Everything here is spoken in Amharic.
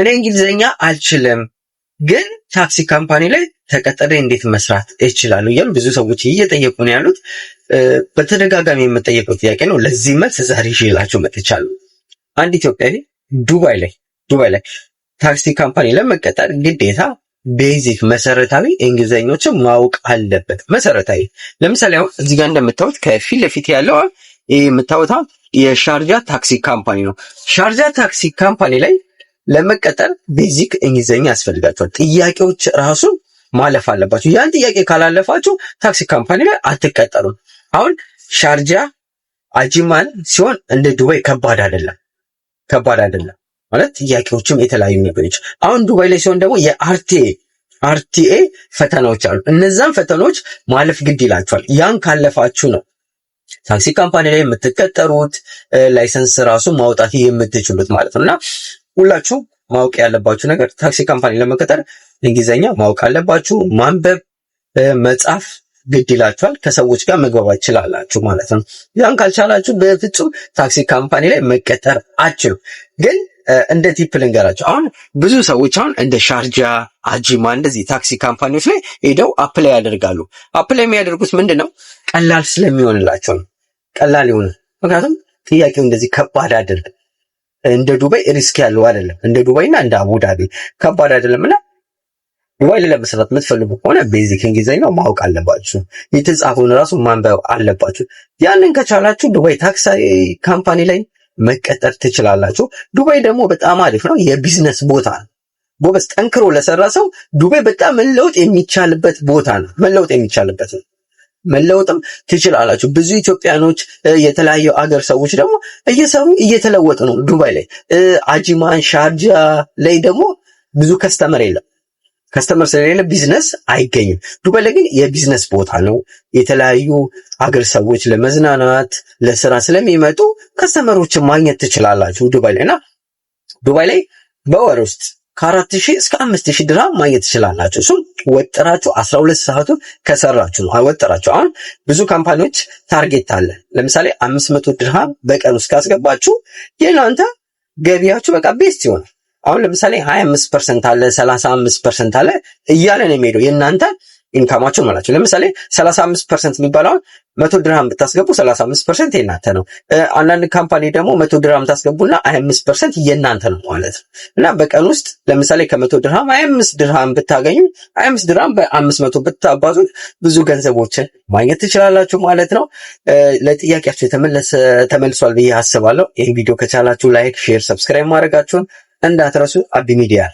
እኔ እንግሊዘኛ አልችልም፣ ግን ታክሲ ካምፓኒ ላይ ተቀጥሬ እንዴት መስራት እችላለሁ እያሉ ብዙ ሰዎች እየጠየቁ ነው ያሉት። በተደጋጋሚ የምጠየቀው ጥያቄ ነው። ለዚህ መልስ ዛሬ ይዤላችሁ መጥቻለሁ። አንድ ኢትዮጵያዊ ዱባይ ላይ ዱባይ ላይ ታክሲ ካምፓኒ ለመቀጠር ግዴታ ቤዚክ መሰረታዊ እንግሊዘኞችን ማወቅ አለበት። መሰረታዊ ለምሳሌ አሁን እዚህ ጋር እንደምታዩት ከፊት ለፊት ያለው ይህ የምታወታ የሻርጃ ታክሲ ካምፓኒ ነው። ሻርጃ ታክሲ ካምፓኒ ላይ ለመቀጠር ቤዚክ እንግሊዝኛ ያስፈልጋቸዋል። ጥያቄዎች ራሱ ማለፍ አለባቸው። ያን ጥያቄ ካላለፋችሁ ታክሲ ካምፓኒ ላይ አትቀጠሩም። አሁን ሻርጃ አጂማን ሲሆን እንደ ዱባይ ከባድ አይደለም፣ ከባድ አይደለም ማለት ጥያቄዎችም የተለያዩ ነገሮች። አሁን ዱባይ ላይ ሲሆን ደግሞ የአርቲኤ አርቲኤ ፈተናዎች አሉ። እነዛን ፈተናዎች ማለፍ ግድ ይላቸዋል። ያን ካለፋችሁ ነው ታክሲ ካምፓኒ ላይ የምትቀጠሩት ላይሰንስ ራሱ ማውጣት የምትችሉት ማለት ነው እና ሁላችሁም ማወቅ ያለባችሁ ነገር ታክሲ ካምፓኒ ለመቀጠር እንግሊዝኛ ማወቅ አለባችሁ። ማንበብ መጻፍ ግድ ይላችኋል። ከሰዎች ጋር መግባባት ይችላላችሁ ማለት ነው። ያን ካልቻላችሁ በፍጹም ታክሲ ካምፓኒ ላይ መቀጠር አችሉ። ግን እንደ ቲፕ ልንገራቸው። አሁን ብዙ ሰዎች አሁን እንደ ሻርጃ፣ አጂማ እንደዚህ ታክሲ ካምፓኒዎች ላይ ሄደው አፕላይ ያደርጋሉ። አፕላይ የሚያደርጉት ምንድን ነው? ቀላል ስለሚሆንላቸው ነው። ቀላል ይሆናል። ምክንያቱም ጥያቄው እንደዚህ ከባድ አይደለም። እንደ ዱባይ ሪስክ ያለው አይደለም። እንደ ዱባይ እንደ አቡዳቢ ከባድ አይደለም እና ዱባይ ላይ ለመስራት የምትፈልጉ ከሆነ ቤዚክ እንግሊዝኛ ማወቅ አለባችሁ። የተጻፈውን ራሱ ማንበብ አለባችሁ። ያንን ከቻላችሁ ዱባይ ታክሲ ካምፓኒ ላይ መቀጠር ትችላላችሁ። ዱባይ ደግሞ በጣም አሪፍ ነው፣ የቢዝነስ ቦታ ነው። ጎበዝ ጠንክሮ ለሰራ ሰው ዱባይ በጣም መለወጥ የሚቻልበት ቦታ ነው። መለወጥ የሚቻልበት ነው። መለወጥም ትችላላችሁ። ብዙ ኢትዮጵያኖች የተለያዩ አገር ሰዎች ደግሞ እየሰሩ እየተለወጡ ነው። ዱባይ ላይ አጂማን፣ ሻርጃ ላይ ደግሞ ብዙ ከስተመር የለም። ከስተመር ስለሌለ ቢዝነስ አይገኝም። ዱባይ ላይ ግን የቢዝነስ ቦታ ነው። የተለያዩ አገር ሰዎች ለመዝናናት ለስራ ስለሚመጡ ከስተመሮችን ማግኘት ትችላላችሁ ዱባይ ላይ እና ዱባይ ላይ በወር ውስጥ ከአራት ሺህ እስከ አምስት ሺህ ድራም ማግኘት ትችላላችሁ። እሱም ወጥራችሁ አስራ ሁለት ሰዓቱ ከሰራችሁ ነው። ወጥራችሁ አሁን ብዙ ካምፓኒዎች ታርጌት አለ። ለምሳሌ አምስት መቶ ድርሃም በቀን ውስጥ ካስገባችሁ የእናንተ ገቢያችሁ በቃ ቤስት ይሆናል። አሁን ለምሳሌ ሀያ አምስት ፐርሰንት አለ፣ ሰላሳ አምስት ፐርሰንት አለ እያለ ነው የሚሄደው የእናንተ ኢንካማችሁን ማለት ነው። ለምሳሌ 35 ፐርሰንት የሚባለውን መቶ ድርሃም ብታስገቡ 35 ፐርሰንት የእናንተ ነው። አንዳንድ ካምፓኒ ደግሞ መቶ ድርሃም ታስገቡና 25 ፐርሰንት የናንተ ነው ማለት ነው እና በቀን ውስጥ ለምሳሌ ከመቶ ድርሃም 25 ድርሃም ብታገኙ 25 ድርሃም በ500 ብታባዙት ብዙ ገንዘቦችን ማግኘት ትችላላችሁ ማለት ነው። ለጥያቄያችሁ ተመልሷል ብዬ አስባለሁ። ይህ ቪዲዮ ከቻላችሁ ላይክ፣ ሼር፣ ሰብስክራይብ ማድረጋችሁን እንዳትረሱ። አቢ ሚዲያ